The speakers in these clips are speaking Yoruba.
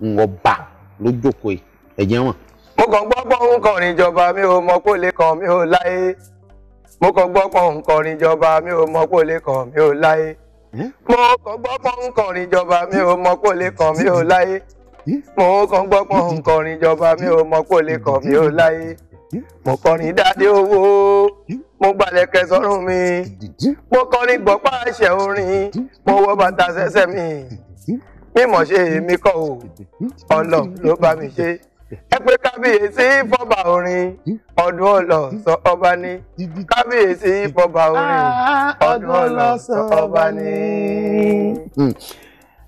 ọba lójókòó ẹ̀jẹ̀ wọn. mo kàn gbọ́ pọ̀ ń kọrin ìjọba mi ò mọ kó lè kàn mí ò láyé mo kàn gbọ́ pọ̀ ń kọrin ìjọba mi ò mọ kó lè kàn mí ò láyé mo kàn gbọ́ pọ̀ ń kọrin ìjọba mi ò mọ kó lè kàn mí ò láyé mo kàn gbọ́ pọ̀ ń kọrin ìjọba mi ò mọ kó lè kàn mí ò láyé mo kọrin dáadé owó mo gbalẹ̀ kẹsọ́rùn mi mo kọrin gbọ́pá àṣẹ orin mo wọ bàtà sẹ́sẹ́ mi. Mi mo ṣe èmi kọ́ o ọlọ ló bá mi ṣe ẹ pé kábíyèsí fọba orin ọdún ọlọ sọ ọba ní kábíyèsí fọba orin ọdún ọlọ sọ ọba ní.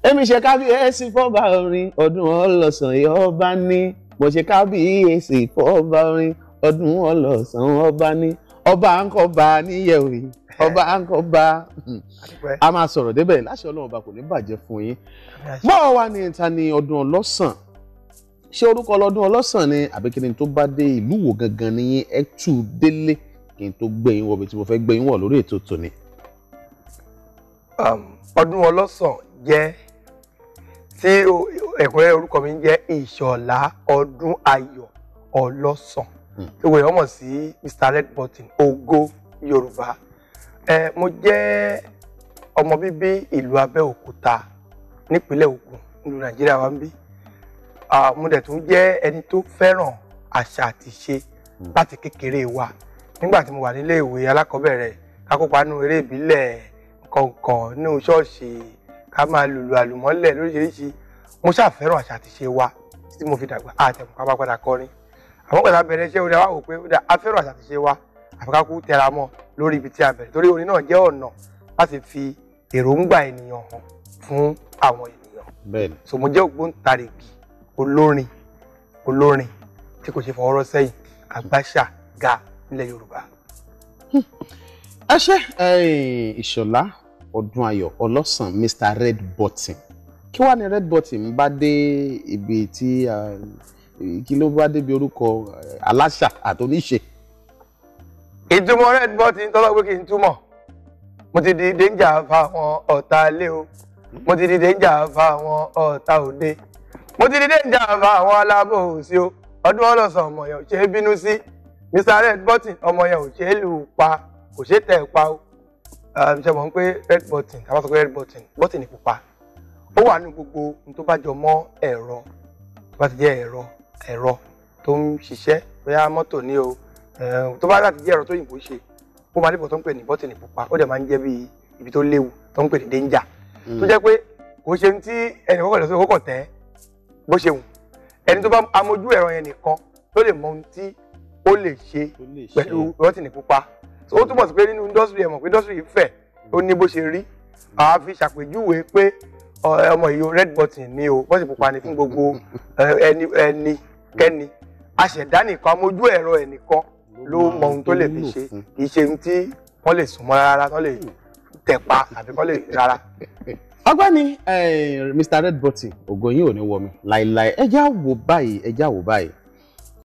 èmi ṣe kábíyèsí fọba orin ọdún ọlọsàn ọba ní mo ṣe kábíyèsí fọba orin ọdún ọlọsàn ọba ní ọba àǹkọba níyẹ̀wé ọba àǹkọba a máa sọ̀rọ̀ débẹ̀ láṣẹ ọlọ́run ọba kò ní bàjẹ́ fún yín mọ́ ọ wá ní ìta ní ọdún ọlọ́sàn ṣé orúkọ ọlọ́dún ọlọ́sàn ni àbí kí ni tó bá dé ìlú wo gangan ní yín ẹ tù délé kí n tó gbẹ̀yìn wọ̀ bí tí mo fẹ́ gbẹ̀yìn wọ̀ lórí ètò tòní. Um, ọdún ọlọ́sàn jẹ́ tí ẹ̀kúnrẹ́rẹ́ orúkọ mi jẹ́ ìṣọ̀lá ọdún ayọ̀ ọlọ́sàn gbogbo mm. èèyàn mọ̀ sí Mr Red Button Ògo Yorùbá ẹ mo jẹ́ ọmọ bíbí ìlú Abẹ́òkúta nípínlẹ̀ Ògùn ìlú Nàìjíríà wa ń bí mo dẹ̀ tún jẹ́ ẹni tó fẹ́ràn àṣà àti ìṣe mm. láti kékeré wa nígbà tí mo wà nílé ìwé alákọ̀ọ́bẹ̀rẹ̀ ká kópa nínú eré ìbílẹ̀ kọ̀ọ̀kan nínú ṣọ́ọ̀ṣì ká máa lùlù àlùmọ́lẹ̀ lóríṣiríṣi mo ṣàfẹ́ràn àṣà àti ìṣe wa títí mo fi dàgbà àtẹ̀mọ́ bá padà kọrin àwọn pẹ̀lú abẹ̀rẹ̀ iṣẹ́ orí àwọn òpin ọ̀dà afẹ́rọ̀ àtàtìṣe wa àfikákú tẹra mọ́ lórí ibi tí a bẹ̀rẹ̀ torí orin náà jẹ́ ọ̀nà láti fi èròǹgbà ènìyàn hàn fún àwọn ènìyàn. bẹ́ẹ̀ni. so mo ògbóǹtarìgì olórin olórin tí kò ṣe fọwọ́rọ́ sẹ́yìn àgbàṣà ga nílẹ̀ yorùbá. ẹ ṣe ìṣọ̀lá ọdún ayọ̀ ọlọ́sàn mr red button kí wàá ní red button bá dé ibi tí. Uh, kí ló bá débi orúkọ eh, aláṣà àtòníṣe. ìtumọ̀ red button tọ́lọ́ pé kí n túmọ̀ mo ti di dẹ́njà fa àwọn ọ̀tá ilé o mo ti di dẹ́njà fa àwọn ọ̀tá òde mo ti di dẹ́njà fa àwọn aláàbò òsì o ọdún ọlọ́sàn ọmọ yẹn ò ṣe é bínú sí mr red button ọmọ yẹn ò ṣe é lù ú pa kò ṣe é tẹ̀ ẹ́ pa o ṣe mọ̀ pé red button àwọn sọ pé red button button ni pupa ó wà ní gbogbo ohun tó bá jọ mọ́ ẹ̀rọ tó bá ti jẹ́ ẹ̀rọ ẹ̀rọ tó ń ṣiṣẹ́ bóyá mọ́tò ní o tó bá láti jẹ́ ẹ̀rọ tó yìnbó ṣe ó máa dìbò tó ń pè ní bọ́tìnì pupa ó dẹ̀ máa ń jẹ́ bí ibi tó léwu tó ń pè ní danger hmm. tó jẹ́ pé kò ṣe ní tí ẹnì kọ́kọ́ lọ sí kọ́kọ́ tẹ́ bó ṣe wù ẹni tó bá amójú ẹ̀rọ yẹn nìkan ló lè mọ ohun tí ó lè ṣe pẹ̀lú bọ́tìnì pupa so ó túmọ̀ sí pé nínú industry ẹ̀ mọ̀ pé industry yìí fẹ̀ ó ní bó ṣe rí àá fi ṣàpèjúwe kẹ́ni aṣẹ̀dá nìkan amójú ẹ̀rọ ẹ̀ nìkan ló mọ ohun tó lè fi ṣe kì í ṣe ohun tí wọ́n lè súnmọ́ rárá tán lè tẹ̀pa àbí kán lè rárá. ọ̀gbẹ́ni eh, Mr Red Button ògo yín ò ní wọ mi láéláé ẹ já báyìí ẹ já báyìí